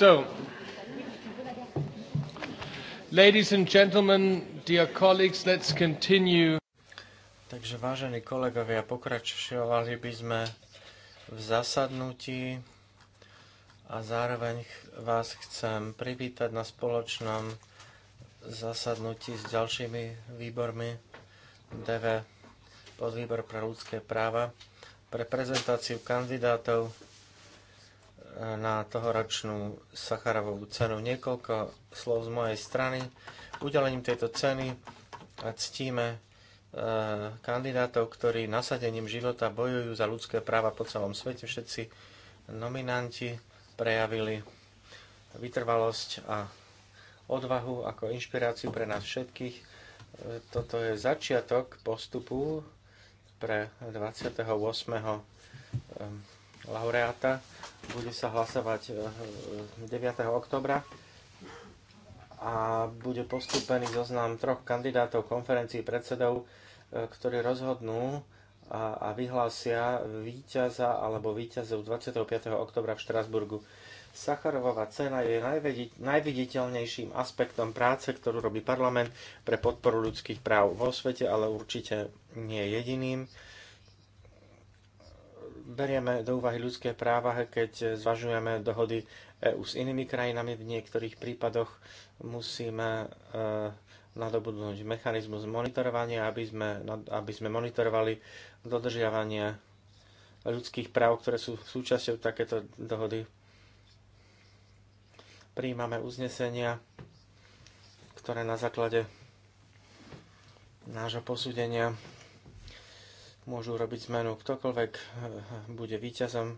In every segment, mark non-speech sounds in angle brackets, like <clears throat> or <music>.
So, ladies and gentlemen, dear colleagues, let's continue. Takže vážení kolegovia, pokračovali by sme v zasadnutí a zároveň vás chcem privítať na spoločnom zasadnutí s ďalšími výbormi DV podvýbor pre ľudské práva pre prezentáciu kandidátov na tohoročnú Sacharovú cenu. Niekoľko slov z mojej strany. Udelením tejto ceny ctíme e, kandidátov, ktorí nasadením života bojujú za ľudské práva po celom svete. Všetci nominanti prejavili vytrvalosť a odvahu ako inšpiráciu pre nás všetkých. E, toto je začiatok postupu pre 28 laureáta. Bude sa hlasovať 9. E, e, oktobra a bude postúpený zoznam troch kandidátov konferencií predsedov, e, ktorí rozhodnú a, a vyhlásia víťaza alebo víťazov 25. oktobra v Štrasburgu. Sacharovová cena je najviditeľnejším aspektom práce, ktorú robí parlament pre podporu ľudských práv vo svete, ale určite nie jediným berieme do úvahy ľudské práva, keď zvažujeme dohody EU s inými krajinami. V niektorých prípadoch musíme eh, nadobudnúť mechanizmus monitorovania, aby sme, aby sme monitorovali dodržiavanie ľudských práv, ktoré sú súčasťou takéto dohody. Príjmame uznesenia, ktoré na základe nášho posúdenia môžu robiť zmenu. Ktokoľvek eh, bude víťazom,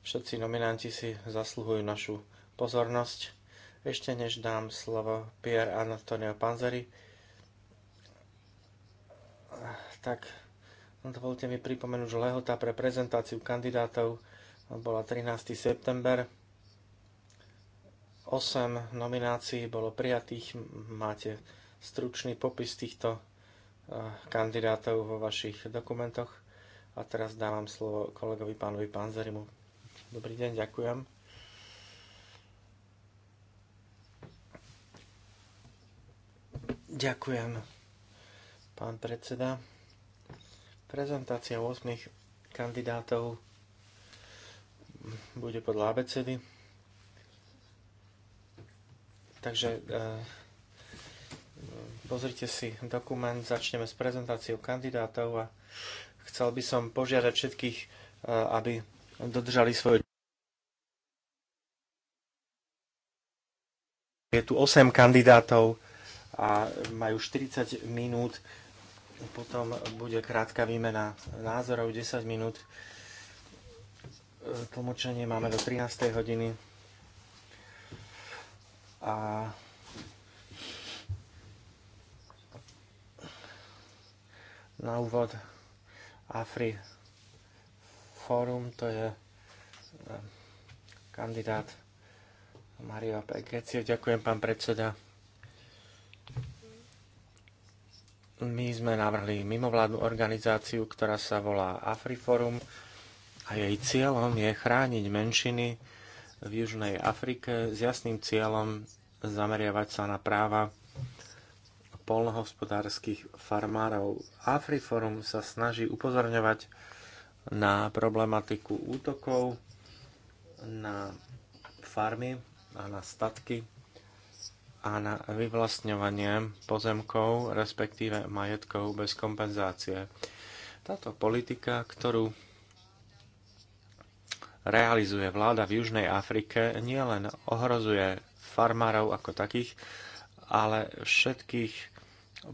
všetci nominanti si zasluhujú našu pozornosť. Ešte než dám slovo Pier Antonio Panzeri, tak dovolte mi pripomenúť, že lehota pre prezentáciu kandidátov bola 13. september. 8 nominácií bolo prijatých. Máte stručný popis týchto kandidátov vo vašich dokumentoch. A teraz dávam slovo kolegovi pánovi Panzerimu. Dobrý deň, ďakujem. Ďakujem, pán predseda. Prezentácia 8 kandidátov bude podľa abecedy. Takže eh, Pozrite si dokument, začneme s prezentáciou kandidátov a chcel by som požiadať všetkých, e, aby dodržali svoje. Je tu 8 kandidátov a majú 40 minút, potom bude krátka výmena názorov, 10 minút. E, tlmočenie máme do 13. hodiny. A Na úvod Afri Forum, to je eh, kandidát Mario Pekecie. Ďakujem, pán predseda. My sme navrhli mimovládnu organizáciu, ktorá sa volá AfriForum a jej cieľom je chrániť menšiny v Južnej Afrike s jasným cieľom zameriavať sa na práva polnohospodárskych farmárov. Afriforum sa snaží upozorňovať na problematiku útokov na farmy a na statky a na vyvlastňovanie pozemkov, respektíve majetkov bez kompenzácie. Táto politika, ktorú realizuje vláda v Južnej Afrike, nielen ohrozuje farmárov ako takých, ale všetkých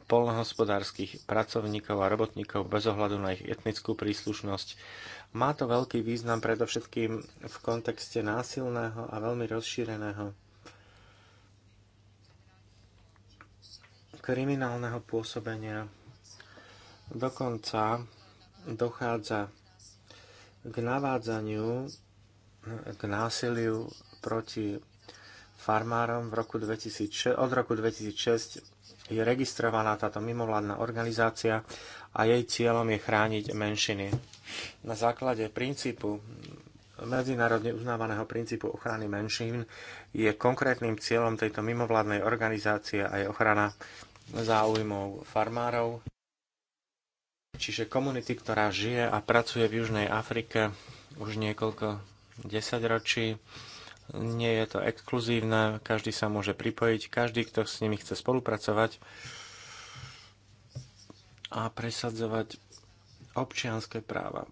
polnohospodárskych pracovníkov a robotníkov bez ohľadu na ich etnickú príslušnosť. Má to veľký význam predovšetkým v kontexte násilného a veľmi rozšíreného kriminálneho pôsobenia. Dokonca dochádza k navádzaniu, k násiliu proti farmárom v roku 2006, od roku 2006 je registrovaná táto mimovládna organizácia a jej cieľom je chrániť menšiny. Na základe princípu medzinárodne uznávaného princípu ochrany menšín je konkrétnym cieľom tejto mimovládnej organizácie aj ochrana záujmov farmárov, čiže komunity, ktorá žije a pracuje v Južnej Afrike už niekoľko desaťročí. ročí nie je to exkluzívne, každý sa môže pripojiť, každý, kto s nimi chce spolupracovať a presadzovať občianské práva.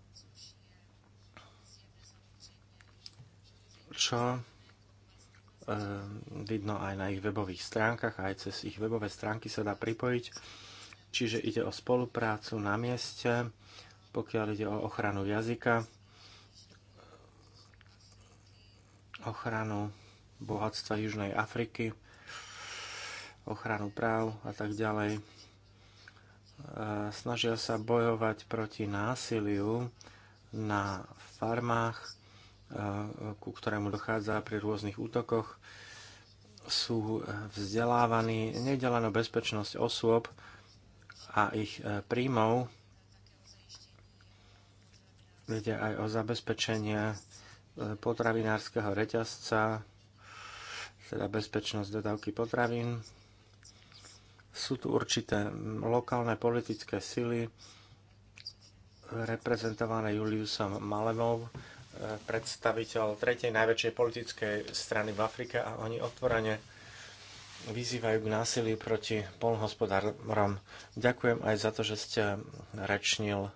Čo e, vidno aj na ich webových stránkach, aj cez ich webové stránky sa dá pripojiť. Čiže ide o spoluprácu na mieste, pokiaľ ide o ochranu jazyka, ochranu bohatstva Južnej Afriky, ochranu práv a tak ďalej. E, snažia sa bojovať proti násiliu na farmách, e, ku ktorému dochádza pri rôznych útokoch. Sú e, vzdelávaní nedeleno bezpečnosť osôb a ich príjmov. Ide aj o zabezpečenie potravinárskeho reťazca, teda bezpečnosť dodávky potravín. Sú tu určité lokálne politické sily, reprezentované Juliusom Malemov, e, predstaviteľ tretej najväčšej politickej strany v Afrike a oni otvorene vyzývajú k násiliu proti polnohospodárom. Ďakujem aj za to, že ste rečnil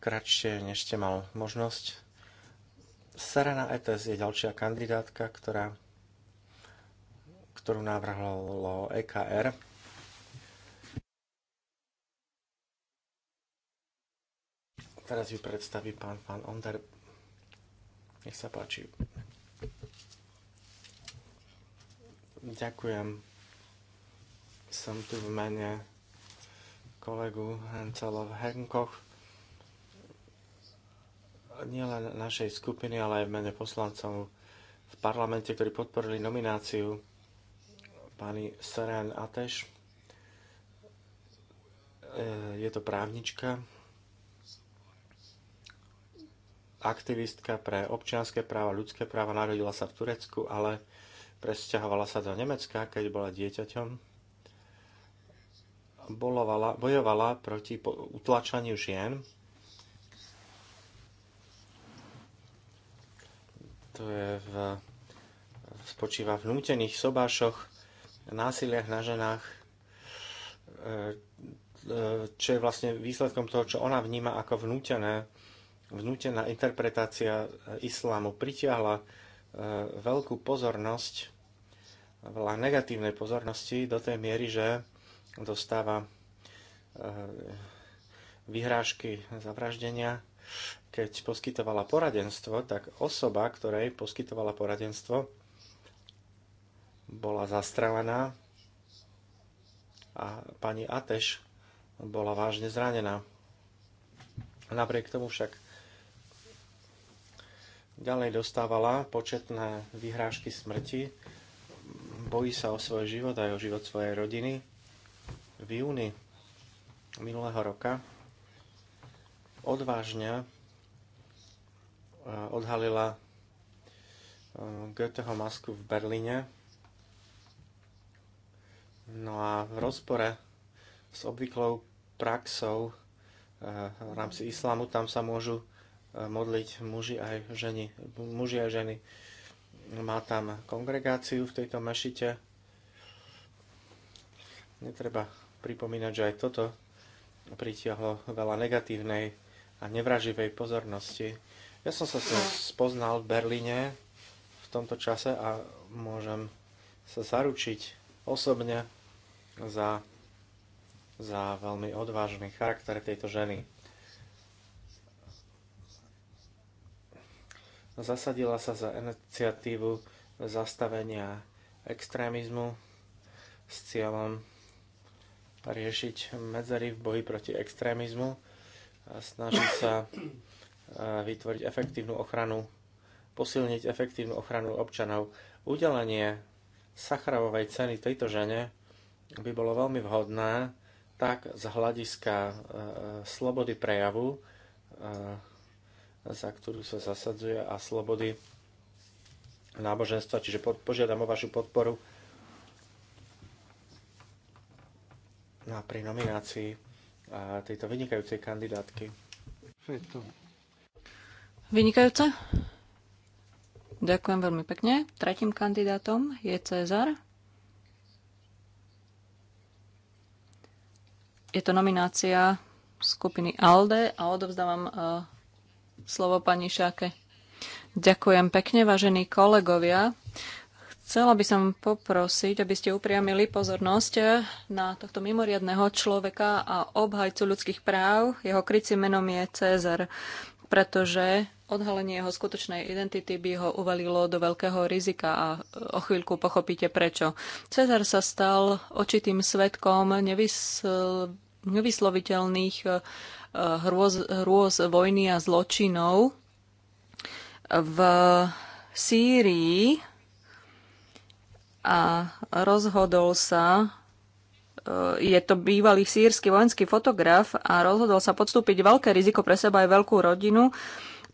kratšie, než ste mal možnosť. Serena Etes je ďalšia kandidátka, ktorá, ktorú navrhlo EKR. Teraz ju predstaví pán Van Onder. Nech sa páči. Ďakujem. Som tu v mene kolegu Hancelov Henkoch nielen našej skupiny, ale aj v mene poslancov v parlamente, ktorí podporili nomináciu pani Seren Ateš. E, je to právnička, aktivistka pre občianské práva, ľudské práva, narodila sa v Turecku, ale presťahovala sa do Nemecka, keď bola dieťaťom. Bolovala, bojovala proti utlačaniu žien, to je v, spočíva v nútených sobášoch, násiliach na ženách, e, e, čo je vlastne výsledkom toho, čo ona vníma ako vnútené. Vnútená interpretácia islámu pritiahla e, veľkú pozornosť, veľa negatívnej pozornosti do tej miery, že dostáva vyhrážky zavraždenia keď poskytovala poradenstvo, tak osoba, ktorej poskytovala poradenstvo, bola zastrelená a pani Ateš bola vážne zranená. Napriek tomu však ďalej dostávala početné vyhrážky smrti, bojí sa o svoj život aj o život svojej rodiny. V júni minulého roka odvážne odhalila e, Goetheho masku v Berlíne. No a v rozpore s obvyklou praxou e, v rámci islámu tam sa môžu e, modliť muži aj ženy. Muži aj ženy. Má tam kongregáciu v tejto mešite. Netreba pripomínať, že aj toto pritiahlo veľa negatívnej a nevraživej pozornosti ja som sa no. spoznal v Berlíne v tomto čase a môžem sa zaručiť osobne za, za veľmi odvážny charakter tejto ženy. Zasadila sa za iniciatívu zastavenia extrémizmu s cieľom riešiť medzery v boji proti extrémizmu a snaží sa <clears throat> vytvoriť efektívnu ochranu, posilniť efektívnu ochranu občanov. Udelenie Sacharovej ceny tejto žene by bolo veľmi vhodné tak z hľadiska e, slobody prejavu, e, za ktorú sa zasadzuje, a slobody náboženstva. Čiže pod, požiadam o vašu podporu na, pri nominácii e, tejto vynikajúcej kandidátky. Vynikajúce. Ďakujem veľmi pekne. Tretím kandidátom je Cezar. Je to nominácia skupiny ALDE a odovzdávam uh, slovo pani Šáke. Ďakujem pekne, vážení kolegovia. Chcela by som poprosiť, aby ste upriamili pozornosť e, na tohto mimoriadného človeka a obhajcu ľudských práv. Jeho krycím menom je Cezar, pretože Odhalenie jeho skutočnej identity by ho uvalilo do veľkého rizika a e, o chvíľku pochopíte prečo. Cezar sa stal očitým svetkom nevysl- nevysloviteľných e, e, hrôz, hrôz vojny a zločinov v Sýrii a rozhodol sa je to bývalý sírsky vojenský fotograf a rozhodol sa podstúpiť veľké riziko pre seba aj veľkú rodinu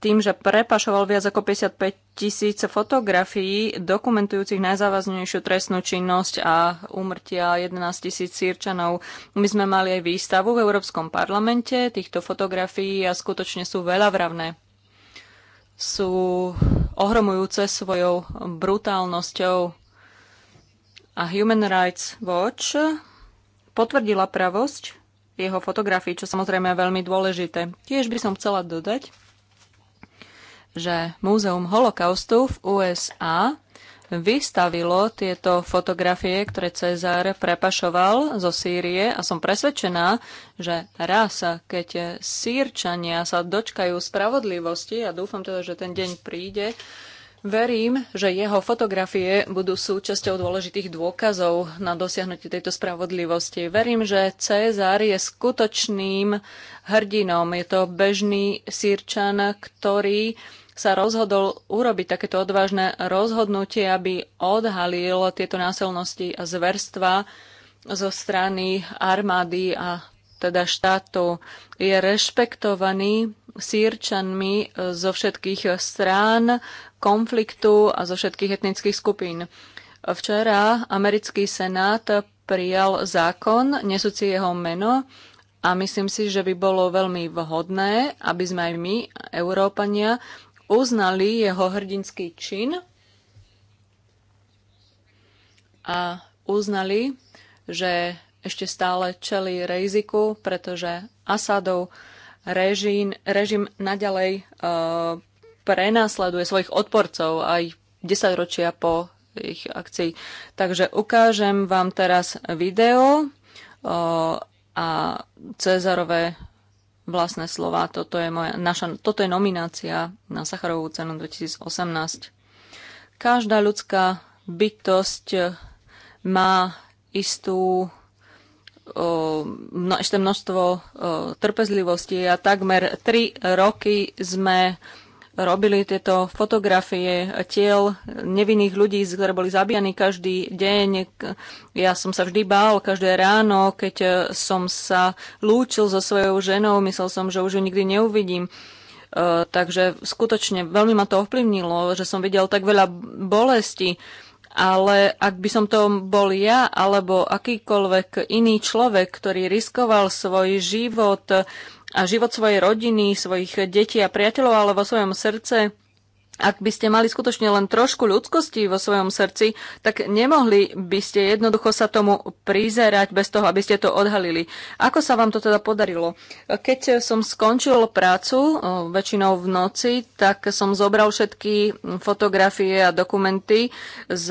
tým, že prepašoval viac ako 55 tisíc fotografií dokumentujúcich najzávaznejšiu trestnú činnosť a úmrtia 11 tisíc sírčanov. My sme mali aj výstavu v Európskom parlamente týchto fotografií a skutočne sú veľavravné. Sú ohromujúce svojou brutálnosťou. A Human Rights Watch potvrdila pravosť jeho fotografií, čo samozrejme je veľmi dôležité. Tiež by som chcela dodať, že Múzeum holokaustu v USA vystavilo tieto fotografie, ktoré Cezar prepašoval zo Sýrie a som presvedčená, že raz, keď Sýrčania sa dočkajú spravodlivosti a dúfam teda, že ten deň príde, verím, že jeho fotografie budú súčasťou dôležitých dôkazov na dosiahnutie tejto spravodlivosti. Verím, že Cezar je skutočným hrdinom. Je to bežný Sýrčan, ktorý sa rozhodol urobiť takéto odvážne rozhodnutie, aby odhalil tieto násilnosti a zverstva zo strany armády a teda štátu. Je rešpektovaný sírčanmi zo všetkých strán konfliktu a zo všetkých etnických skupín. Včera americký senát prijal zákon nesúci jeho meno, a myslím si, že by bolo veľmi vhodné, aby sme aj my, Európania, uznali jeho hrdinský čin a uznali, že ešte stále čelí riziku, pretože Asadov režim, režim naďalej e, prenásleduje svojich odporcov aj 10 ročia po ich akcii. Takže ukážem vám teraz video e, a Cezarové vlastné slova. Toto je, moja, naša, toto je nominácia na Sacharovú cenu 2018. Každá ľudská bytosť má istú ešte množstvo trpezlivosti a takmer tri roky sme robili tieto fotografie tiel nevinných ľudí, ktoré boli zabíjani každý deň. Ja som sa vždy bál každé ráno, keď som sa lúčil so svojou ženou, myslel som, že už ju nikdy neuvidím. E, takže skutočne veľmi ma to ovplyvnilo, že som videl tak veľa bolesti. Ale ak by som to bol ja alebo akýkoľvek iný človek, ktorý riskoval svoj život, a život svojej rodiny, svojich detí a priateľov, ale vo svojom srdce ak by ste mali skutočne len trošku ľudskosti vo svojom srdci, tak nemohli by ste jednoducho sa tomu prizerať bez toho, aby ste to odhalili. Ako sa vám to teda podarilo? Keď som skončil prácu, väčšinou v noci, tak som zobral všetky fotografie a dokumenty z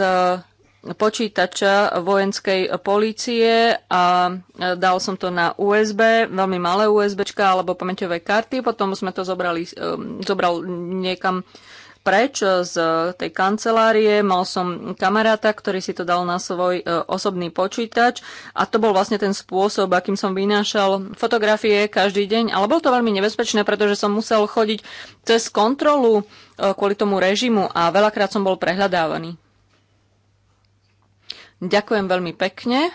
počítača vojenskej polície a e, dal som to na USB, veľmi malé USB alebo pamäťové karty. Potom sme to zobrali, e, zobral niekam preč z tej kancelárie. Mal som kamaráta, ktorý si to dal na svoj e, osobný počítač a to bol vlastne ten spôsob, akým som vynášal fotografie každý deň. Ale bolo to veľmi nebezpečné, pretože som musel chodiť cez kontrolu kvôli tomu režimu a veľakrát som bol prehľadávaný. Ďakujem veľmi pekne.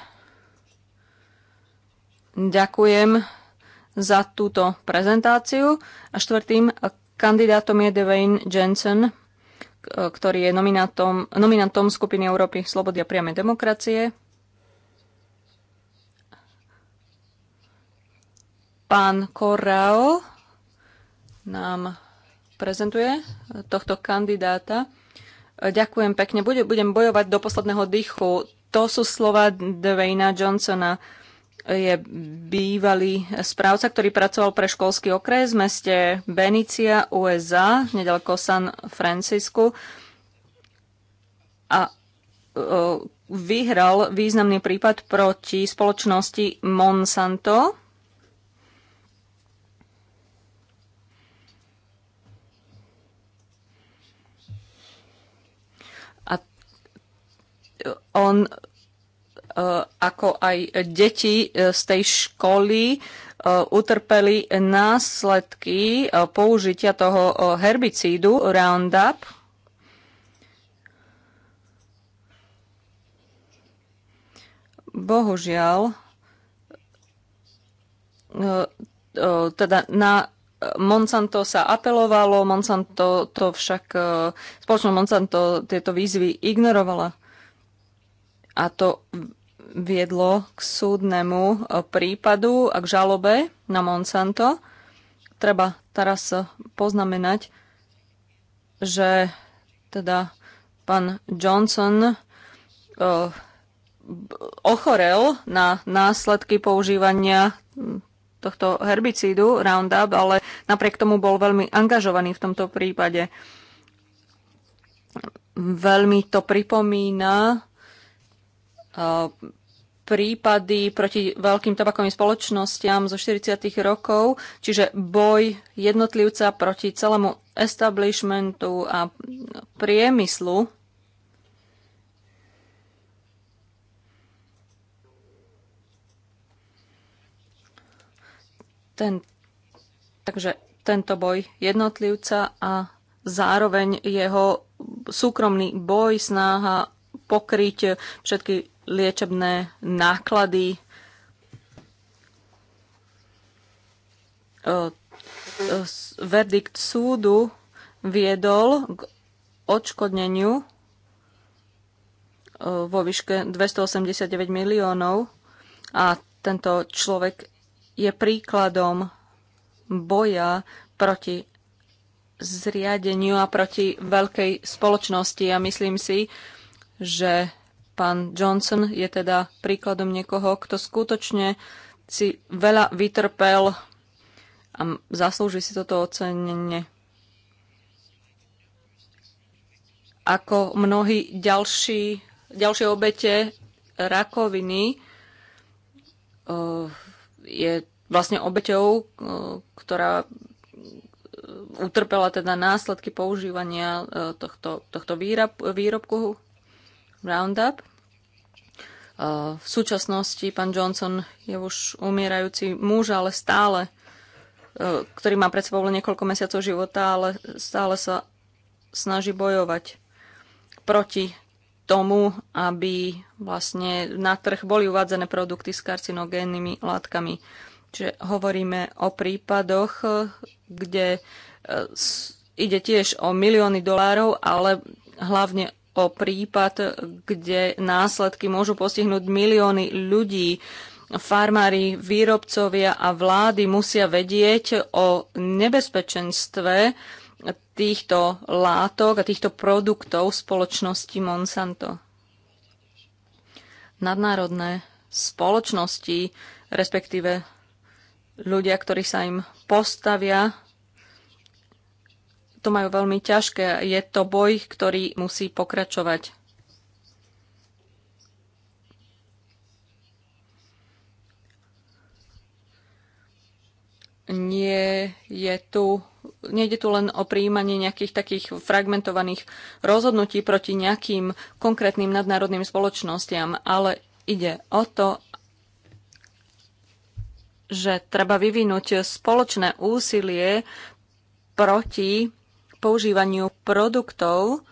Ďakujem za túto prezentáciu. A štvrtým kandidátom je Dwayne Jensen, ktorý je nominantom, nominantom skupiny Európy Slobody a priame demokracie. Pán Korao nám prezentuje tohto kandidáta. Ďakujem pekne. Budem bojovať do posledného dýchu. To sú slova Dwayna Johnsona. Je bývalý správca, ktorý pracoval pre školský okres v meste Benicia, USA, nedaleko San Francisco A vyhral významný prípad proti spoločnosti Monsanto, on e, ako aj deti e, z tej školy e, utrpeli následky použitia toho herbicídu Roundup. Bohužiaľ, teda na Monsanto sa apelovalo, Monsanto to však, spoločnosť Monsanto tieto výzvy ignorovala a to viedlo k súdnemu e, prípadu a k žalobe na Monsanto. Treba teraz e, poznamenať, že teda pán Johnson e, ochorel na následky používania tohto herbicídu Roundup, ale napriek tomu bol veľmi angažovaný v tomto prípade. Veľmi to pripomína prípady proti veľkým tabakovým spoločnostiam zo 40. rokov, čiže boj jednotlivca proti celému establishmentu a priemyslu. Ten, takže tento boj jednotlivca a zároveň jeho súkromný boj, snaha pokryť všetky liečebné náklady. E, e, verdikt súdu viedol k odškodneniu e, vo výške 289 miliónov a tento človek je príkladom boja proti zriadeniu a proti veľkej spoločnosti a myslím si, že Pán Johnson je teda príkladom niekoho, kto skutočne si veľa vytrpel a zaslúži si toto ocenenie. Ako mnohí ďalší, ďalšie obete rakoviny je vlastne obeťou, ktorá utrpela teda následky používania tohto, tohto výrob, výrobku Roundup. Uh, v súčasnosti pán Johnson je už umierajúci muž, ale stále, uh, ktorý má pred sebou len niekoľko mesiacov života, ale stále sa snaží bojovať proti tomu, aby vlastne na trh boli uvádzané produkty s karcinogénnymi látkami. Čiže hovoríme o prípadoch, uh, kde ide tiež o milióny dolárov, ale hlavne o prípad, kde následky môžu postihnúť milióny ľudí. Farmári, výrobcovia a vlády musia vedieť o nebezpečenstve týchto látok a týchto produktov spoločnosti Monsanto. Nadnárodné spoločnosti, respektíve ľudia, ktorí sa im postavia, to majú veľmi ťažké. Je to boj, ktorý musí pokračovať. Nie je tu, nejde tu len o prijímanie nejakých takých fragmentovaných rozhodnutí proti nejakým konkrétnym nadnárodným spoločnostiam, ale ide o to, že treba vyvinúť spoločné úsilie proti používaniu produktov,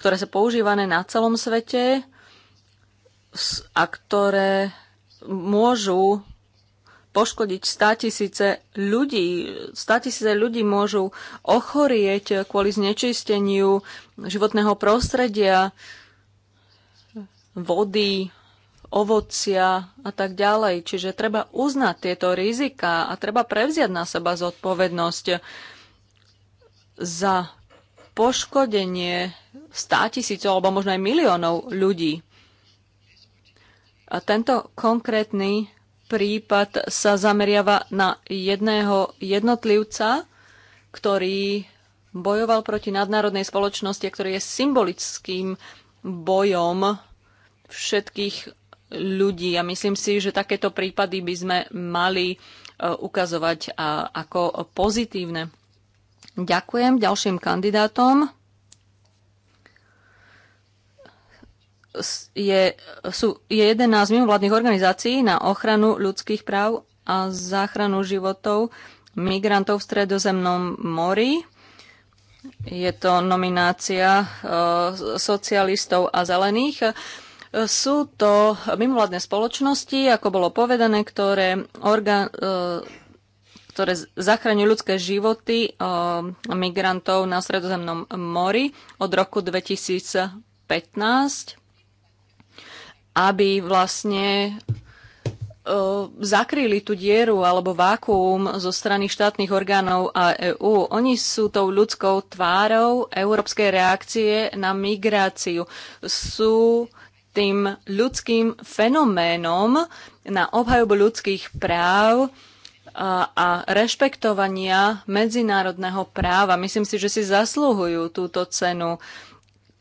ktoré sú používané na celom svete a ktoré môžu poškodiť 100 tisíce ľudí. 100 tisíce ľudí môžu ochorieť kvôli znečisteniu životného prostredia, vody, ovocia a tak ďalej. Čiže treba uznať tieto rizika a treba prevziať na seba zodpovednosť za poškodenie státisícov tisícov alebo možno aj miliónov ľudí. A tento konkrétny prípad sa zameriava na jedného jednotlivca, ktorý bojoval proti nadnárodnej spoločnosti, ktorý je symbolickým bojom všetkých ľudí. A myslím si, že takéto prípady by sme mali e, ukazovať ako pozitívne. Ďakujem ďalším kandidátom. Je, sú, je z mimovládnych organizácií na ochranu ľudských práv a záchranu životov migrantov v stredozemnom mori. Je to nominácia e, socialistov a zelených. Sú to mimovládne spoločnosti, ako bolo povedané, ktoré orga, e, ktoré zachraňujú ľudské životy um, migrantov na Sredozemnom mori od roku 2015, aby vlastne uh, zakryli tú dieru alebo vákuum zo strany štátnych orgánov a EÚ. Oni sú tou ľudskou tvárou európskej reakcie na migráciu. Sú tým ľudským fenoménom na obhajobu ľudských práv, a rešpektovania medzinárodného práva. Myslím si, že si zaslúhujú túto cenu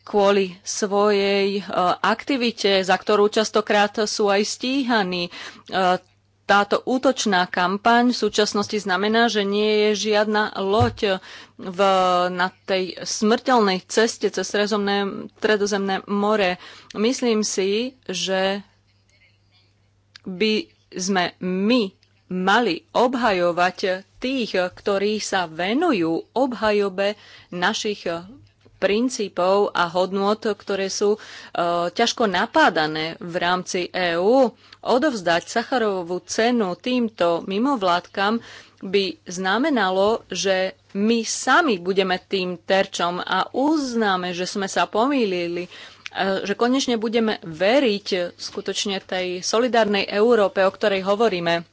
kvôli svojej e, aktivite, za ktorú častokrát sú aj stíhaní. E, táto útočná kampaň v súčasnosti znamená, že nie je žiadna loď v, na tej smrteľnej ceste cez rezomné Tredozemné more. Myslím si, že by sme my mali obhajovať tých, ktorí sa venujú obhajobe našich princípov a hodnot, ktoré sú e, ťažko napádané v rámci EÚ. Odovzdať Sacharovú cenu týmto mimovládkam by znamenalo, že my sami budeme tým terčom a uznáme, že sme sa pomýlili, e, že konečne budeme veriť skutočne tej solidárnej Európe, o ktorej hovoríme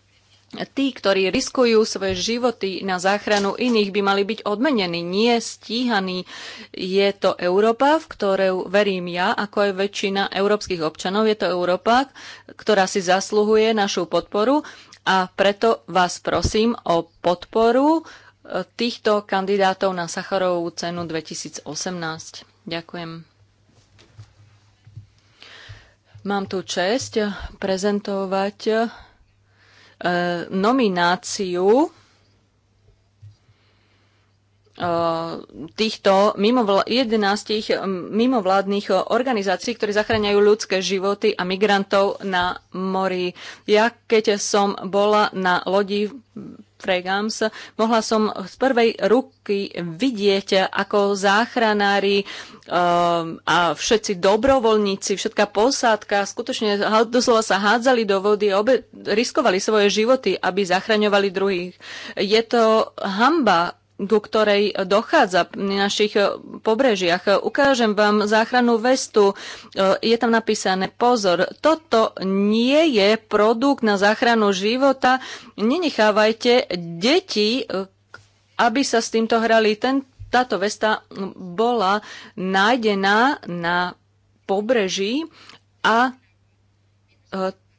tí, ktorí riskujú svoje životy na záchranu iných, by mali byť odmenení, nie stíhaní. Je to Európa, v ktorú verím ja, ako aj väčšina európskych občanov. Je to Európa, ktorá si zasluhuje našu podporu a preto vás prosím o podporu e, týchto kandidátov na Sacharovú cenu 2018. Ďakujem. Mám tu čest prezentovať E, nomináciu e, týchto mimovla- 11 mimovládnych organizácií, ktoré zachraňajú ľudské životy a migrantov na mori. Ja keď som bola na lodi Fregams, mohla som z prvej ruky vidieť, ako záchranári ehm, a všetci dobrovoľníci, všetká posádka skutočne doslova sa hádzali do vody, obe riskovali svoje životy, aby zachraňovali druhých. Je to hamba ku ktorej dochádza na našich e, pobrežiach. Ukážem vám záchrannú vestu. E, je tam napísané, pozor, toto nie je produkt na záchranu života. Nenechávajte deti, e, aby sa s týmto hrali. Ten, táto vesta bola nájdená na pobreží a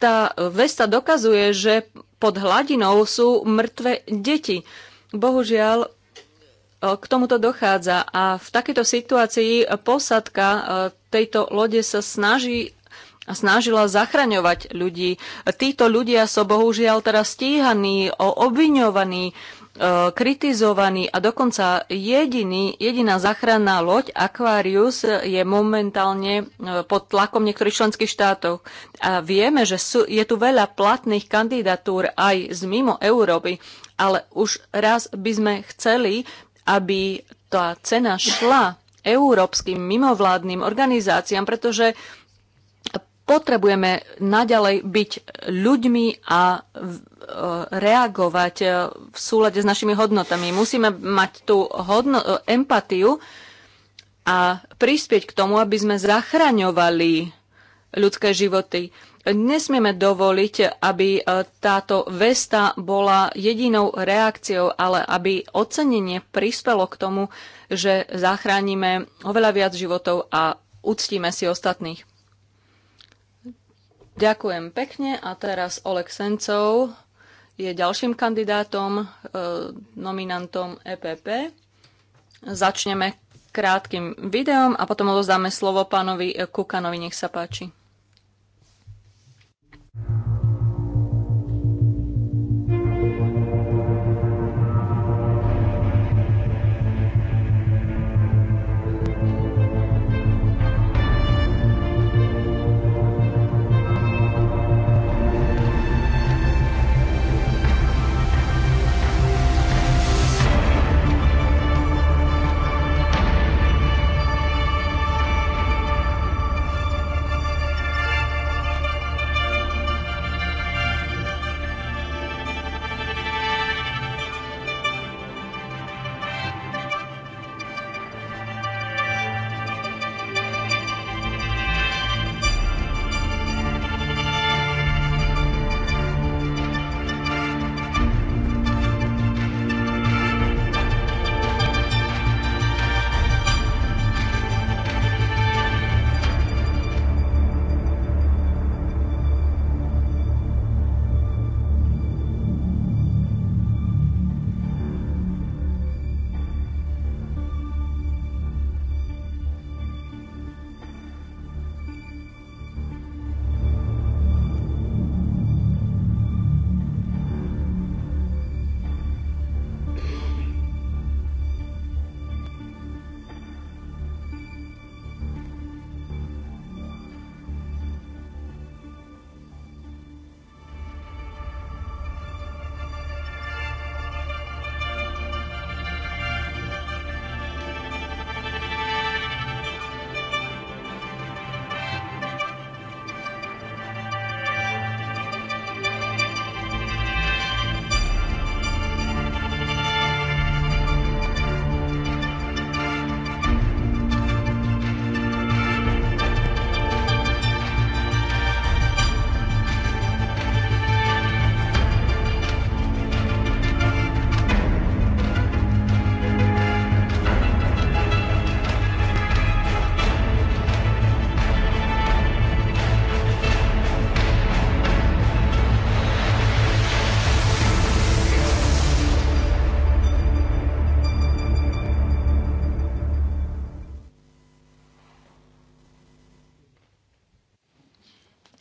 tá vesta dokazuje, že pod hladinou sú mŕtve deti. Bohužiaľ, E, k tomuto dochádza a v takejto situácii e, posadka e, tejto lode sa snaží a snažila zachraňovať ľudí. Títo ľudia sú bohužiaľ teraz stíhaní, obviňovaní, kritizovaní a dokonca jediný, jediná záchranná loď Aquarius je momentálne pod tlakom niektorých členských štátov. A vieme, že sú, je tu veľa platných kandidatúr aj z mimo Európy, ale už raz by sme chceli aby tá cena šla európskym mimovládnym organizáciám, pretože potrebujeme naďalej byť ľuďmi a e, reagovať e, v súlade s našimi hodnotami. Musíme mať tú hodno- e, empatiu a prispieť k tomu, aby sme zachraňovali ľudské životy. Nesmieme dovoliť, aby e, táto vesta bola jedinou reakciou, ale aby ocenenie prispelo k tomu, že zachránime oveľa viac životov a uctíme si ostatných. Ďakujem pekne a teraz Oleg Sencov je ďalším kandidátom, e, nominantom EPP. Začneme krátkým videom a potom odozdáme slovo pánovi Kukanovi. Nech sa páči.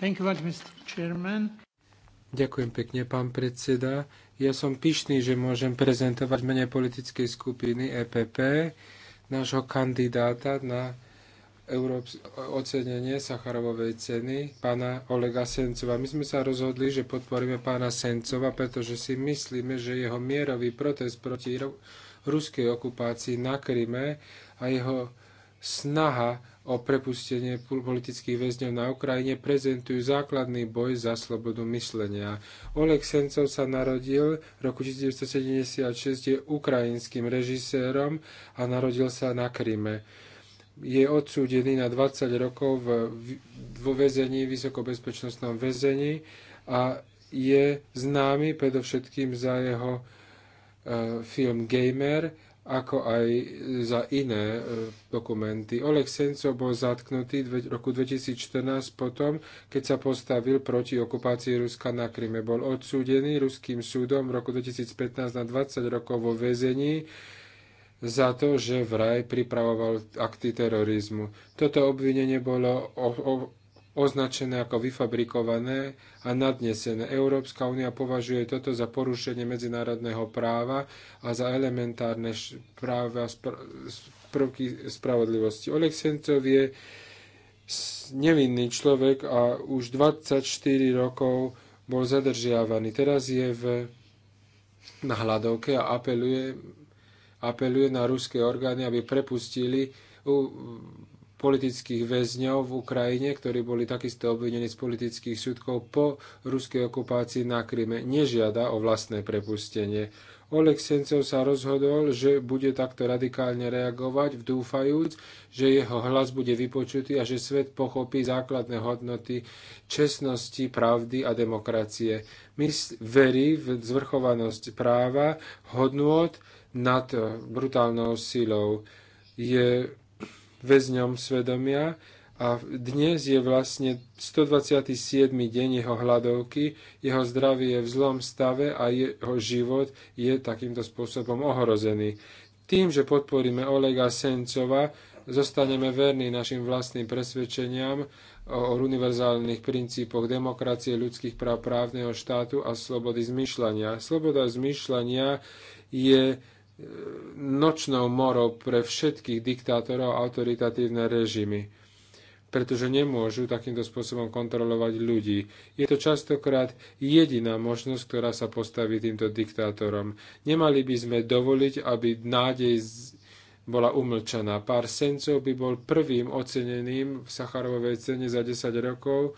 Much, Ďakujem pekne, pán predseda. Ja som pyšný, že môžem prezentovať mene politickej skupiny EPP nášho kandidáta na Európs- ocenenie Sacharovovej ceny, pána Olega Sencova. My sme sa rozhodli, že podporíme pána Sencova, pretože si myslíme, že jeho mierový protest proti ruskej okupácii na Kryme a jeho snaha o prepustenie politických väzňov na Ukrajine prezentujú základný boj za slobodu myslenia. Oleg Sencov sa narodil v roku 1976, je ukrajinským režisérom a narodil sa na Kryme. Je odsúdený na 20 rokov vo väzení, vysokobezpečnostnom väzení a je známy predovšetkým za jeho e, film Gamer ako aj za iné e, dokumenty. Oleg Sencov bol zatknutý v roku 2014 potom, keď sa postavil proti okupácii Ruska na Kryme. Bol odsúdený ruským súdom v roku 2015 na 20 rokov vo väzení za to, že vraj pripravoval akty terorizmu. Toto obvinenie bolo označené ako vyfabrikované a nadnesené. Európska únia považuje toto za porušenie medzinárodného práva a za elementárne práva prvky spravodlivosti. Oleg Sencov je nevinný človek a už 24 rokov bol zadržiavaný. Teraz je v, na hľadovke a apeluje, apeluje na ruské orgány, aby prepustili politických väzňov v Ukrajine, ktorí boli takisto obvinení z politických súdkov po ruskej okupácii na Kryme, nežiada o vlastné prepustenie. Oleg Sencov sa rozhodol, že bude takto radikálne reagovať, dúfajúc, že jeho hlas bude vypočutý a že svet pochopí základné hodnoty čestnosti, pravdy a demokracie. My verí v zvrchovanosť práva, hodnot nad brutálnou silou. Je väzňom svedomia a dnes je vlastne 127. deň jeho hladovky, jeho zdravie je v zlom stave a jeho život je takýmto spôsobom ohrozený. Tým, že podporíme Olega Sencova, zostaneme verní našim vlastným presvedčeniam o univerzálnych princípoch demokracie, ľudských práv, právneho štátu a slobody zmyšľania. Sloboda zmyšľania je nočnou morou pre všetkých diktátorov a autoritatívne režimy, pretože nemôžu takýmto spôsobom kontrolovať ľudí. Je to častokrát jediná možnosť, ktorá sa postaví týmto diktátorom. Nemali by sme dovoliť, aby nádej bola umlčaná. Pár Sencov by bol prvým oceneným v Sacharovej cene za 10 rokov,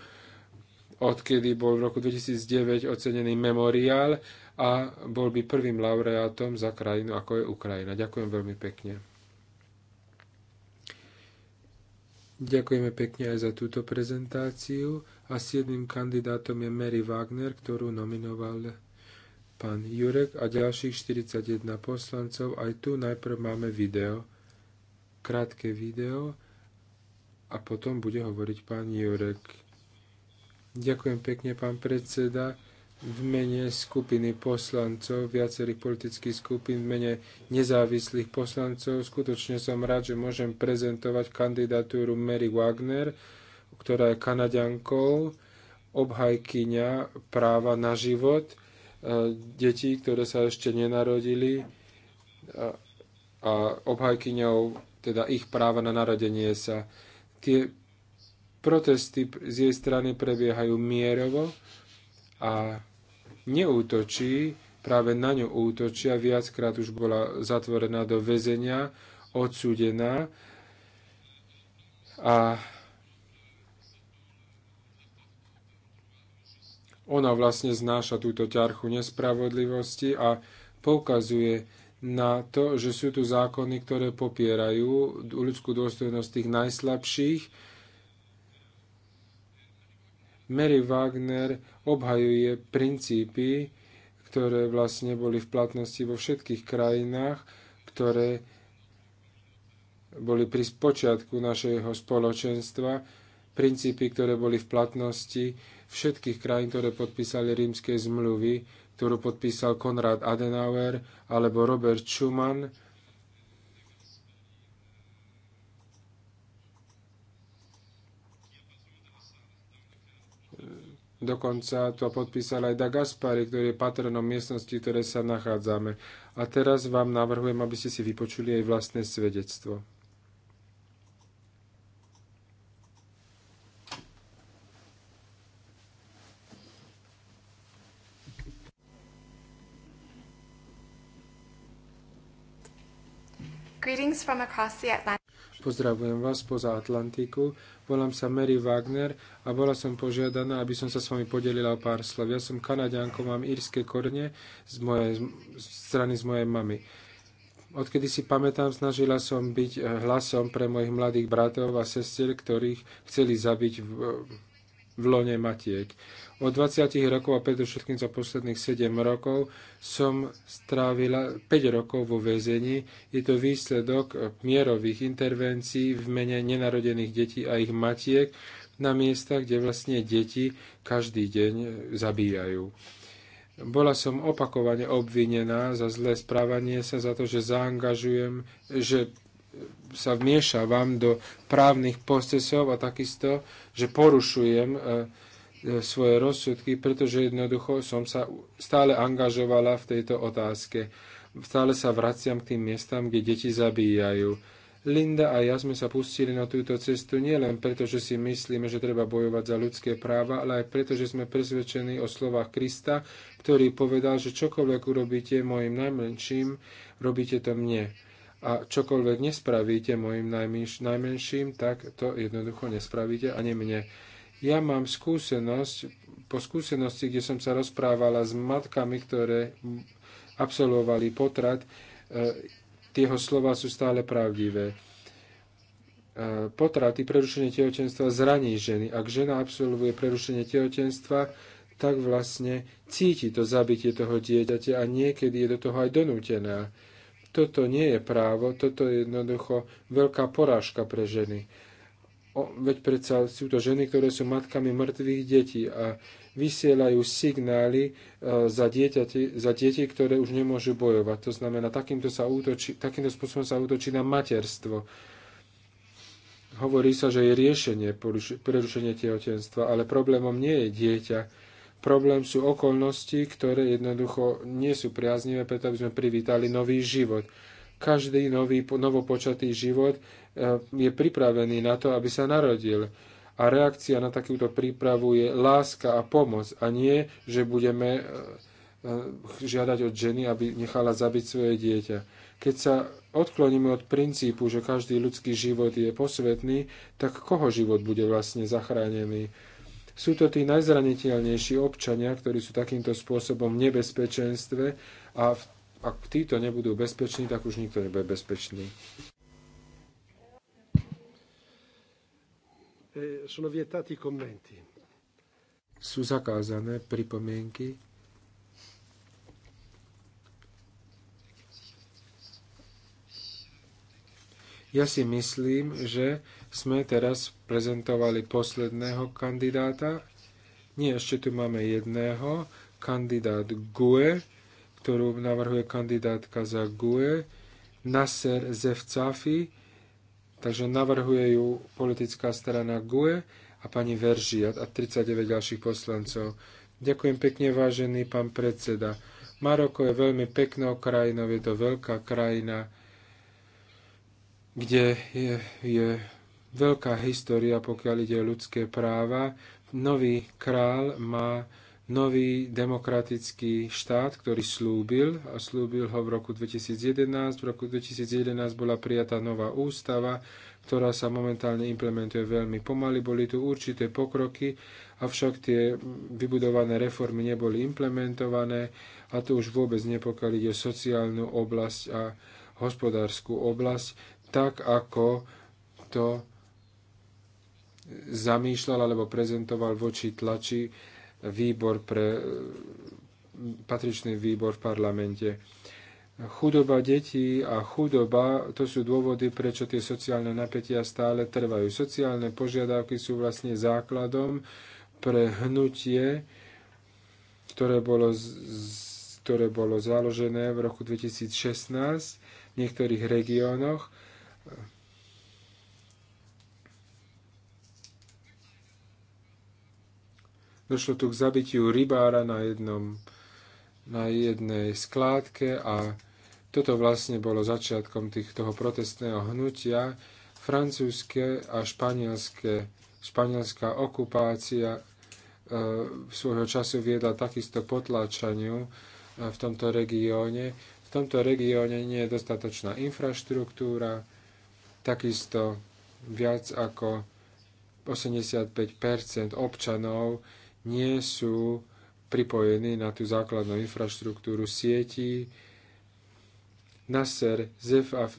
odkedy bol v roku 2009 ocenený memoriál a bol by prvým laureátom za krajinu, ako je Ukrajina. Ďakujem veľmi pekne. Ďakujeme pekne aj za túto prezentáciu a siedmým kandidátom je Mary Wagner, ktorú nominoval pán Jurek a ďalších 41 poslancov. Aj tu najprv máme video, krátke video a potom bude hovoriť pán Jurek. Ďakujem pekne, pán predseda v mene skupiny poslancov, viacerých politických skupín, v mene nezávislých poslancov. Skutočne som rád, že môžem prezentovať kandidatúru Mary Wagner, ktorá je kanaďankou, obhajkyňa práva na život e, detí, ktoré sa ešte nenarodili e, a obhajkyňou teda ich práva na narodenie sa. Tie protesty z jej strany prebiehajú mierovo, a neútočí, práve na ňu útočia, viackrát už bola zatvorená do väzenia, odsúdená a ona vlastne znáša túto ťarchu nespravodlivosti a poukazuje na to, že sú tu zákony, ktoré popierajú ľudskú dôstojnosť tých najslabších, Mary Wagner obhajuje princípy, ktoré vlastne boli v platnosti vo všetkých krajinách, ktoré boli pri spočiatku našeho spoločenstva, princípy, ktoré boli v platnosti všetkých krajín, ktoré podpísali rímske zmluvy, ktorú podpísal Konrad Adenauer alebo Robert Schumann, Dokonca to podpísal aj Da Gaspari, ktorý je patronom miestnosti, v ktorej sa nachádzame. A teraz vám navrhujem, aby ste si vypočuli aj vlastné svedectvo. Greetings from across the Atlantic. Pozdravujem vás poza Atlantiku. Volám sa Mary Wagner a bola som požiadaná, aby som sa s vami podelila o pár slov. Ja som Kanaďanko, mám írske korne z mojej z strany z mojej mamy. Odkedy si pamätám, snažila som byť eh, hlasom pre mojich mladých bratov a sestier, ktorých chceli zabiť v v lone matiek. Od 20 rokov a predovšetkým za posledných 7 rokov som strávila 5 rokov vo väzení. Je to výsledok mierových intervencií v mene nenarodených detí a ich matiek na miestach, kde vlastne deti každý deň zabíjajú. Bola som opakovane obvinená za zlé správanie sa, za to, že zaangažujem, že sa vmiešavam do právnych procesov a takisto, že porušujem e, e, svoje rozsudky, pretože jednoducho som sa stále angažovala v tejto otázke. Stále sa vraciam k tým miestam, kde deti zabíjajú. Linda a ja sme sa pustili na túto cestu nielen preto, že si myslíme, že treba bojovať za ľudské práva, ale aj preto, že sme presvedčení o slovách Krista, ktorý povedal, že čokoľvek urobíte mojim najmenším, robíte to mne a čokoľvek nespravíte mojim najmenš- najmenším, tak to jednoducho nespravíte ani mne. Ja mám skúsenosť, po skúsenosti, kde som sa rozprávala s matkami, ktoré absolvovali potrat, e, tieho slova sú stále pravdivé. E, potraty, prerušenie tehotenstva zraní ženy. Ak žena absolvuje prerušenie tehotenstva, tak vlastne cíti to zabitie toho dieťaťa a niekedy je do toho aj donútená. Toto nie je právo, toto je jednoducho veľká porážka pre ženy. O, veď predsa sú to ženy, ktoré sú matkami mŕtvych detí a vysielajú signály e, za, dieťati, za deti, ktoré už nemôžu bojovať. To znamená, takýmto, sa útočí, takýmto spôsobom sa útočí na materstvo. Hovorí sa, že je riešenie prerušenie tehotenstva, ale problémom nie je dieťa, Problém sú okolnosti, ktoré jednoducho nie sú priaznivé, preto aby sme privítali nový život. Každý nový, novopočatý život e, je pripravený na to, aby sa narodil. A reakcia na takúto prípravu je láska a pomoc, a nie, že budeme e, e, žiadať od ženy, aby nechala zabiť svoje dieťa. Keď sa odkloníme od princípu, že každý ľudský život je posvetný, tak koho život bude vlastne zachránený? Sú to tí najzraniteľnejší občania, ktorí sú takýmto spôsobom v nebezpečenstve a ak títo nebudú bezpeční, tak už nikto nebude bezpečný. Eh, sú zakázané pripomienky Ja si myslím, že sme teraz prezentovali posledného kandidáta. Nie, ešte tu máme jedného. Kandidát GUE, ktorú navrhuje kandidátka za GUE, Nasser Zevcafi, takže navrhuje ju politická strana GUE a pani Veržiat a 39 ďalších poslancov. Ďakujem pekne, vážený pán predseda. Maroko je veľmi peknou krajinou, je to veľká krajina, kde je, je veľká história, pokiaľ ide o ľudské práva. Nový král má nový demokratický štát, ktorý slúbil a slúbil ho v roku 2011. V roku 2011 bola prijatá nová ústava, ktorá sa momentálne implementuje veľmi pomaly. Boli tu určité pokroky, avšak tie vybudované reformy neboli implementované a to už vôbec nepokiaľ ide sociálnu oblasť a hospodárskú oblasť tak ako to zamýšľal alebo prezentoval voči tlači výbor pre patričný výbor v parlamente. Chudoba detí a chudoba, to sú dôvody, prečo tie sociálne napätia stále trvajú. Sociálne požiadavky sú vlastne základom pre hnutie, ktoré bolo, ktoré bolo založené v roku 2016 v niektorých regiónoch Došlo tu k zabitiu rybára na, jednom, na jednej skládke a toto vlastne bolo začiatkom tých, toho protestného hnutia. Francúzske a španielské, španielská okupácia e, svojho času viedla takisto potláčaniu e, v tomto regióne. V tomto regióne nie je dostatočná infraštruktúra, takisto viac ako 85 občanov nie sú pripojení na tú základnú infraštruktúru sietí. Nasser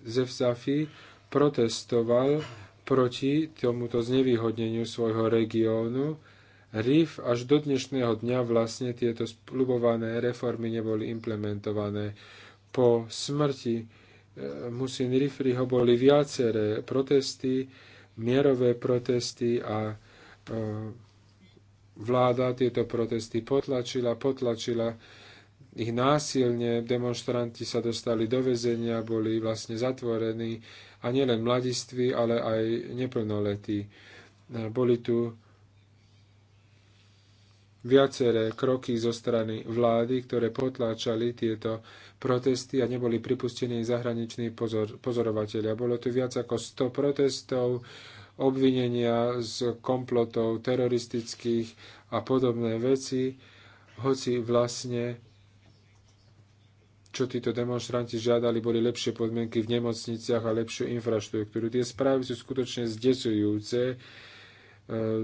Zefzafi protestoval proti tomuto znevýhodneniu svojho regiónu. RIF až do dnešného dňa vlastne tieto spľubované reformy neboli implementované. Po smrti e, Musin Rifriho boli viaceré protesty, mierové protesty a e, Vláda tieto protesty potlačila, potlačila ich násilne, demonstranti sa dostali do väzenia, boli vlastne zatvorení a nielen mladiství, ale aj neplnoletí. Boli tu viaceré kroky zo strany vlády, ktoré potláčali tieto protesty a neboli pripustení zahraniční pozor- pozorovatelia. Bolo tu viac ako 100 protestov, obvinenia z komplotov teroristických a podobné veci, hoci vlastne čo títo demonstranti žiadali, boli lepšie podmienky v nemocniciach a lepšiu infraštruktúru. Tie správy sú skutočne zdesujúce. E,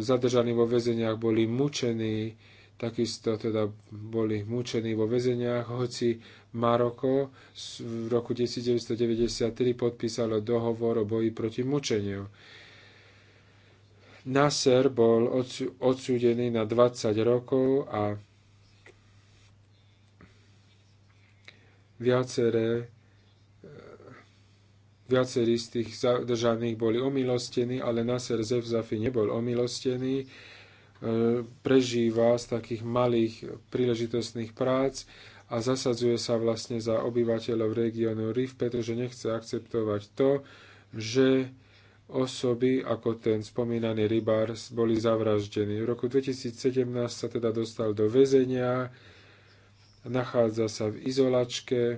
zadržaní vo väzeniach boli mučení, takisto teda boli mučení vo väzeniach, hoci Maroko v roku 1993 podpísalo dohovor o boji proti mučeniu. Nasser bol odsúdený na 20 rokov a viaceré e, Viacerí z tých zadržaných boli omilostení, ale Nasser Zevzafi nebol omilostený. E, prežíva z takých malých príležitostných prác a zasadzuje sa vlastne za obyvateľov regiónu RIF, pretože nechce akceptovať to, že osoby, ako ten spomínaný rybár, boli zavraždení. V roku 2017 sa teda dostal do väzenia, nachádza sa v izolačke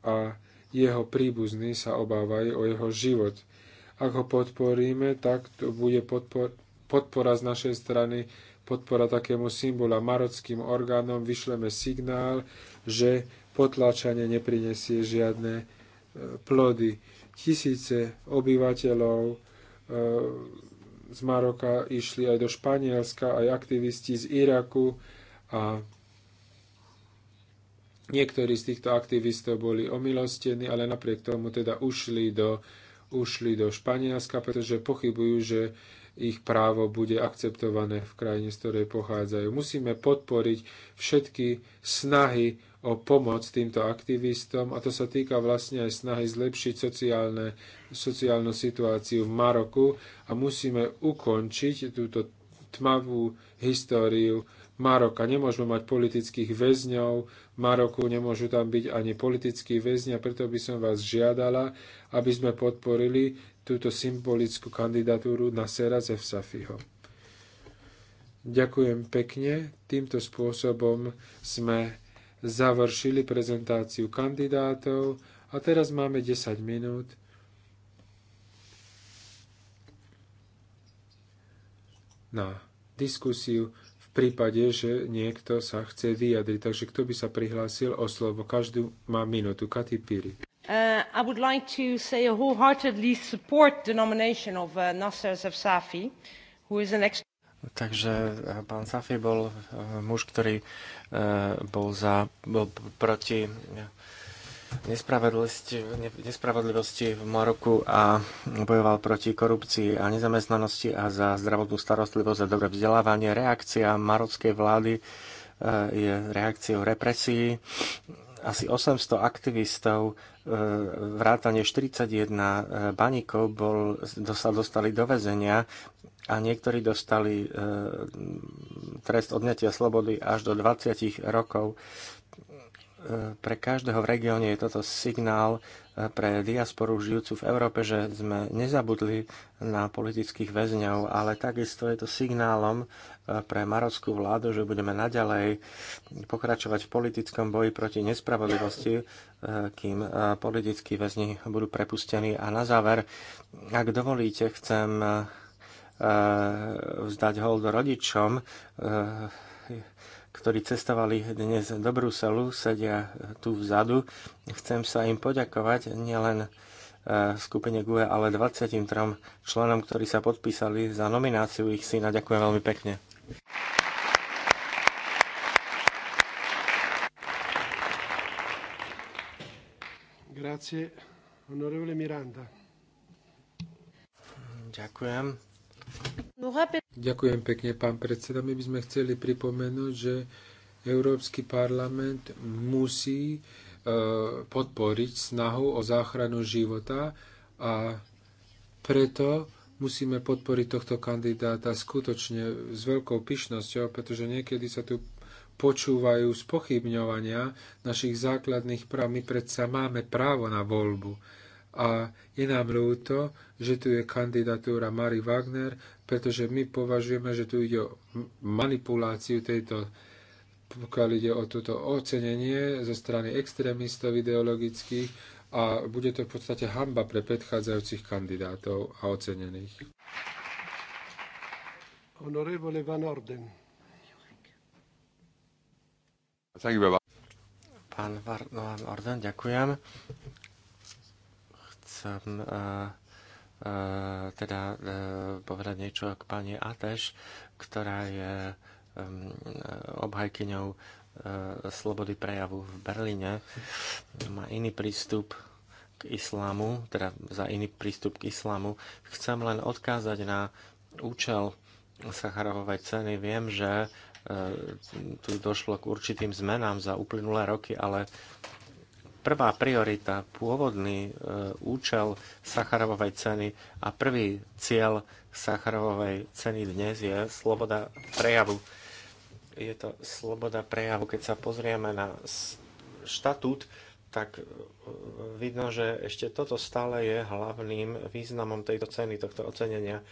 a jeho príbuzní sa obávajú o jeho život. Ak ho podporíme, tak to bude podpor- podpora z našej strany, podpora takému symbola marockým orgánom, vyšleme signál, že potláčanie neprinesie žiadne e, plody Tisíce obyvateľov e, z Maroka išli aj do Španielska, aj aktivisti z Iraku a niektorí z týchto aktivistov boli omilostení, ale napriek tomu teda ušli do, ušli do Španielska, pretože pochybujú, že ich právo bude akceptované v krajine, z ktorej pochádzajú. Musíme podporiť všetky snahy o pomoc týmto aktivistom a to sa týka vlastne aj snahy zlepšiť sociálne, sociálnu situáciu v Maroku a musíme ukončiť túto tmavú históriu Maroka. Nemôžeme mať politických väzňov v Maroku, nemôžu tam byť ani politickí väzňa, preto by som vás žiadala, aby sme podporili túto symbolickú kandidatúru na Sera Zefsafiho. Ďakujem pekne. Týmto spôsobom sme završili prezentáciu kandidátov a teraz máme 10 minút na diskusiu v prípade, že niekto sa chce vyjadriť. Takže kto by sa prihlásil o slovo? Každú má minútu. Katy Piri. Uh, I would like to say wholeheartedly support the nomination of uh, Nasser Zafsafi, who is an Takže eh, pán Safi bol eh, muž, ktorý eh, bol, za, bol proti nespravedlivosti, nespravedlivosti v Maroku a bojoval proti korupcii a nezamestnanosti a za zdravotnú starostlivosť a dobré vzdelávanie. Reakcia marockej vlády je reakciou represií asi 800 aktivistov, e, vrátane 41 e, baníkov bol, sa dostali do väzenia a niektorí dostali e, trest odňatia slobody až do 20 rokov. Pre každého v regióne je toto signál pre diasporu žijúcu v Európe, že sme nezabudli na politických väzňov, ale takisto je to signálom, pre marockú vládu, že budeme naďalej pokračovať v politickom boji proti nespravodlivosti, e, kým e, politickí väzni budú prepustení. A na záver, ak dovolíte, chcem e, vzdať hold rodičom, ktorí cestovali dnes do Bruselu, sedia tu vzadu. Chcem sa im poďakovať nielen skupine GUE, ale 23 členom, ktorí sa podpísali za nomináciu ich syna. Ďakujem veľmi pekne. Grazie. Onorevole Miranda. Ďakujem. Ďakujem pekne, pán predseda. My by sme chceli pripomenúť, že Európsky parlament musí e, podporiť snahu o záchranu života a preto musíme podporiť tohto kandidáta skutočne s veľkou pyšnosťou, pretože niekedy sa tu počúvajú spochybňovania našich základných práv. My predsa máme právo na voľbu. A je nám ľúto, že tu je kandidatúra Mary Wagner, pretože my považujeme, že tu ide o manipuláciu tejto, pokiaľ ide o toto ocenenie zo strany extrémistov ideologických, a bude to v podstate hamba pre predchádzajúcich kandidátov a ocenených. Honorable Van Orden. Pán no, Van Orden, ďakujem. Chcem uh, uh, teda uh, povedať niečo k pani Ateš, ktorá je um, obhajkyňou uh, E, slobody prejavu v Berlíne má iný prístup k islámu, teda za iný prístup k islámu. Chcem len odkázať na účel Sacharovovej ceny. Viem, že e, tu došlo k určitým zmenám za uplynulé roky, ale prvá priorita, pôvodný e, účel Sacharovovej ceny a prvý cieľ Sacharovovej ceny dnes je sloboda prejavu je to sloboda prejavu. Keď sa pozrieme na štatút, tak e, vidno, že ešte toto stále je hlavným významom tejto ceny, tohto ocenenia.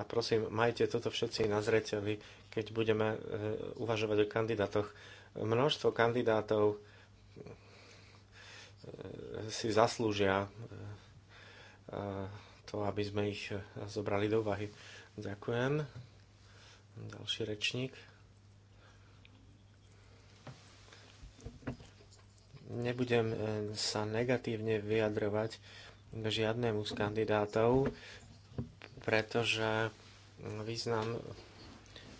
A prosím, majte toto všetci na zreteli, keď budeme e, uvažovať o kandidátoch. Množstvo kandidátov e, si zaslúžia to, aby sme ich zobrali do úvahy. Ďakujem. Ďalší rečník. Nebudem e, sa negatívne vyjadrovať k žiadnemu z kandidátov, pretože význam,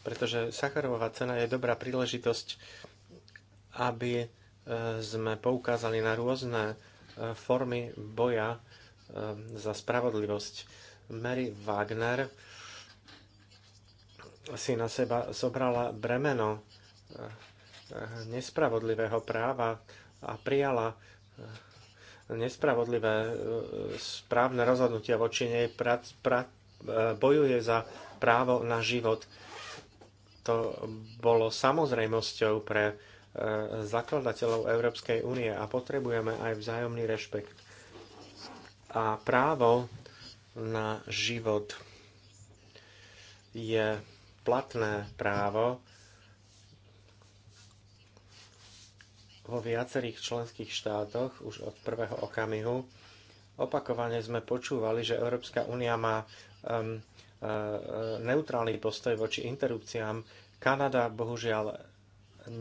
pretože Sacharová cena je dobrá príležitosť, aby e, sme poukázali na rôzne e, formy boja za spravodlivosť. Mary Wagner si na seba zobrala bremeno nespravodlivého práva a prijala eh, nespravodlivé eh, správne rozhodnutia voči nej, pra, pra, eh, bojuje za právo na život. To bolo samozrejmosťou pre zakladateľov Európskej únie a potrebujeme aj vzájomný rešpekt. A právo na život je platné právo, vo viacerých členských štátoch už od prvého okamihu. Opakovane sme počúvali, že Európska únia má um, uh, neutrálny postoj voči interrupciám. Kanada bohužiaľ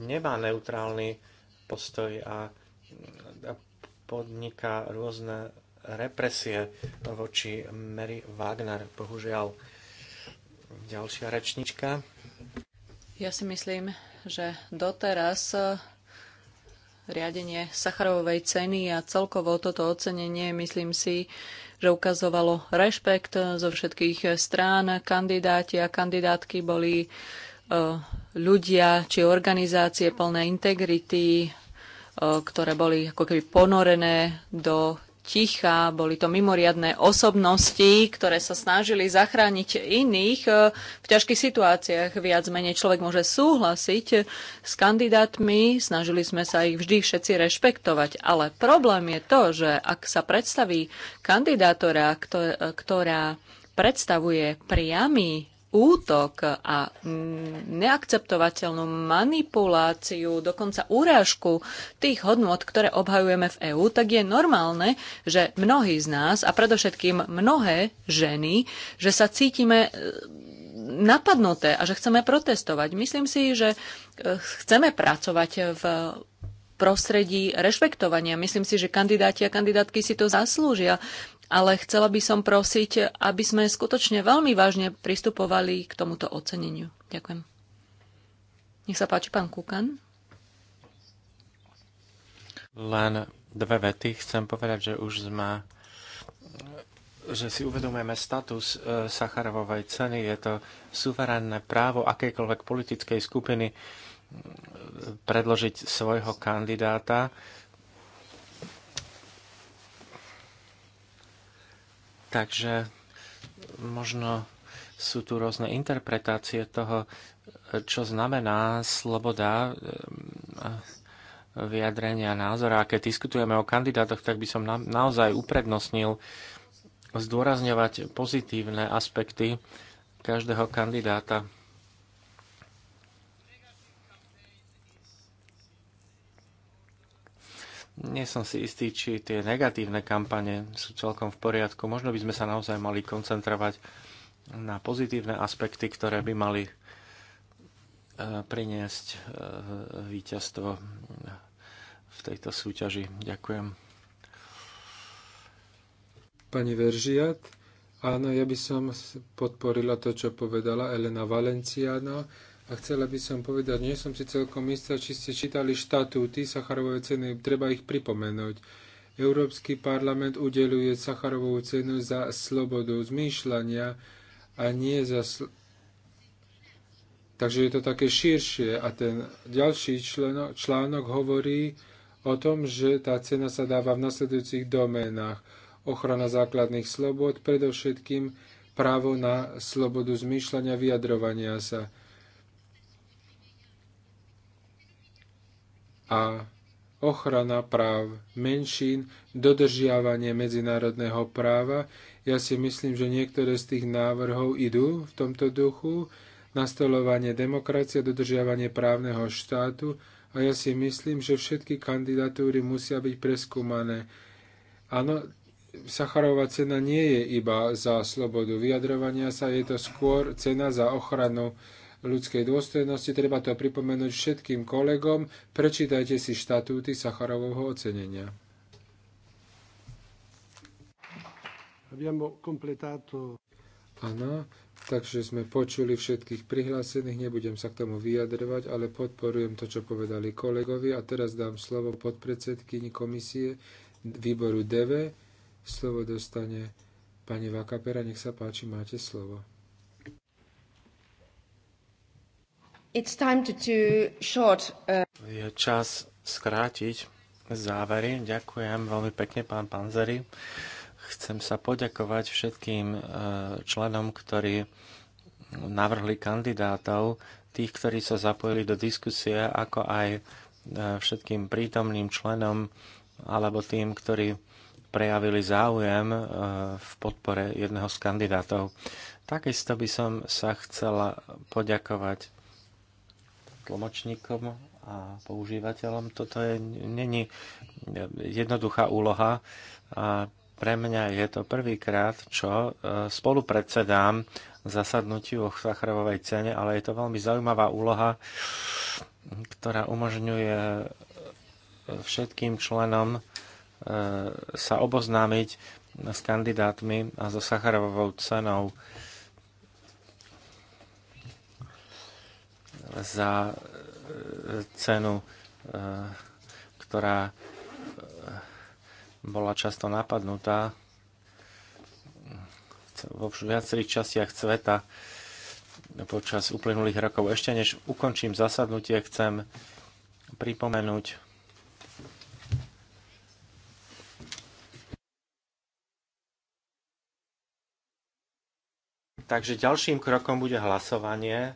nemá neutrálny postoj a, a podniká rôzne represie voči Mary Wagner. Bohužiaľ, ďalšia rečnička. Ja si myslím, že doteraz riadenie Sacharovej ceny a celkovo toto ocenenie, myslím si, že ukazovalo rešpekt zo všetkých strán. Kandidáti a kandidátky boli e, ľudia či organizácie plné integrity, e, ktoré boli ako keby ponorené do ticha, boli to mimoriadné osobnosti, ktoré sa snažili zachrániť iných e, v ťažkých situáciách. Viac menej človek môže súhlasiť s kandidátmi, snažili sme sa ich vždy všetci rešpektovať, ale problém je to, že ak sa predstaví kandidátora, e, ktorá predstavuje priamy útok a mm, neakceptovateľnú manipuláciu, dokonca úrážku tých hodnot, ktoré obhajujeme v EÚ, tak je normálne, že mnohí z nás, a predovšetkým mnohé ženy, že sa cítime e, napadnuté a že chceme protestovať. Myslím si, že e, chceme pracovať v prostredí rešpektovania. Myslím si, že kandidáti a kandidátky si to zaslúžia ale chcela by som prosiť, aby sme skutočne veľmi vážne pristupovali k tomuto oceneniu. Ďakujem. Nech sa páči, pán Kukan. Len dve vety. Chcem povedať, že už sme že si uvedomujeme status e, Sacharovovej ceny. Je to suverénne právo akejkoľvek politickej skupiny predložiť svojho kandidáta Takže možno sú tu rôzne interpretácie toho, čo znamená sloboda ehm, vyjadrenia názora. A keď diskutujeme o kandidátoch, tak by som na, naozaj uprednostnil zdôrazňovať pozitívne aspekty každého kandidáta. nie som si istý, či tie negatívne kampane sú celkom v poriadku. Možno by sme sa naozaj mali koncentrovať na pozitívne aspekty, ktoré by mali e, priniesť e, víťazstvo v tejto súťaži. Ďakujem. Pani Veržiat, áno, ja by som podporila to, čo povedala Elena Valenciano. A chcela by som povedať, nie som si celkom istá, či ste čítali štatúty Sacharovej ceny, treba ich pripomenúť. Európsky parlament udeluje Sacharovú cenu za slobodu zmýšľania a nie za... Sl- Takže je to také širšie. A ten ďalší členo- článok hovorí o tom, že tá cena sa dáva v nasledujúcich doménach. Ochrana základných slobod, predovšetkým právo na slobodu zmýšľania, vyjadrovania sa a ochrana práv menšín, dodržiavanie medzinárodného práva. Ja si myslím, že niektoré z tých návrhov idú v tomto duchu. Nastolovanie demokracie, dodržiavanie právneho štátu. A ja si myslím, že všetky kandidatúry musia byť preskúmané. Áno, Sacharová cena nie je iba za slobodu vyjadrovania sa, je to skôr cena za ochranu ľudskej dôstojnosti. Treba to pripomenúť všetkým kolegom. Prečítajte si štatúty Sacharovho ocenenia. Áno, takže sme počuli všetkých prihlásených, nebudem sa k tomu vyjadrovať, ale podporujem to, čo povedali kolegovi a teraz dám slovo podpredsedkyni komisie výboru DV. Slovo dostane pani Vakapera, nech sa páči, máte slovo. It's time to short, uh... Je čas skrátiť závery. Ďakujem veľmi pekne, pán Panzeri. Chcem sa poďakovať všetkým uh, členom, ktorí navrhli kandidátov, tých, ktorí sa zapojili do diskusie, ako aj uh, všetkým prítomným členom alebo tým, ktorí prejavili záujem uh, v podpore jedného z kandidátov. Takisto by som sa chcela poďakovať tlmočníkom a používateľom. Toto je, není jednoduchá úloha a pre mňa je to prvýkrát, čo e, spolu predsedám zasadnutiu o Sacharovej cene, ale je to veľmi zaujímavá úloha, ktorá umožňuje e, všetkým členom e, sa oboznámiť s kandidátmi a so Sacharovou cenou. za e, cenu, e, ktorá e, bola často napadnutá vo viacerých častiach sveta počas uplynulých rokov. Ešte než ukončím zasadnutie, chcem pripomenúť Takže ďalším krokom bude hlasovanie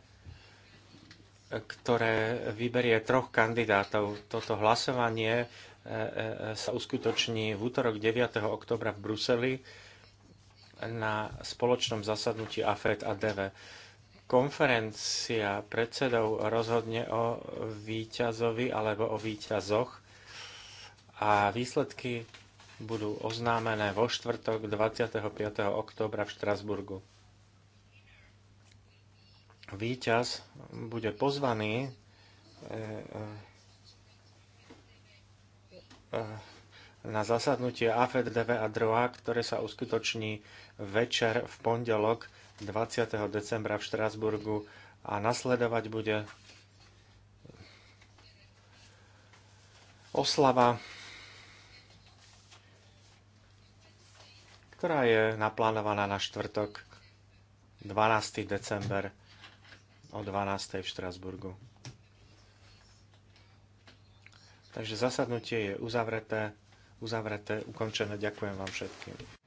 ktoré vyberie troch kandidátov. Toto hlasovanie e, e, e, sa uskutoční v útorok 9. oktobra v Bruseli na spoločnom zasadnutí AFED a DV. Konferencia predsedov rozhodne o výťazovi alebo o výťazoch a výsledky budú oznámené vo štvrtok 25. oktobra v Štrasburgu víťaz bude pozvaný e, e, e, na zasadnutie AFEDDV a DROA, ktoré sa uskutoční večer v pondelok 20. decembra v Štrásburgu a nasledovať bude oslava, ktorá je naplánovaná na štvrtok 12. december o 12. v Štrasburgu. Takže zasadnutie je uzavreté, uzavreté, ukončené. Ďakujem vám všetkým.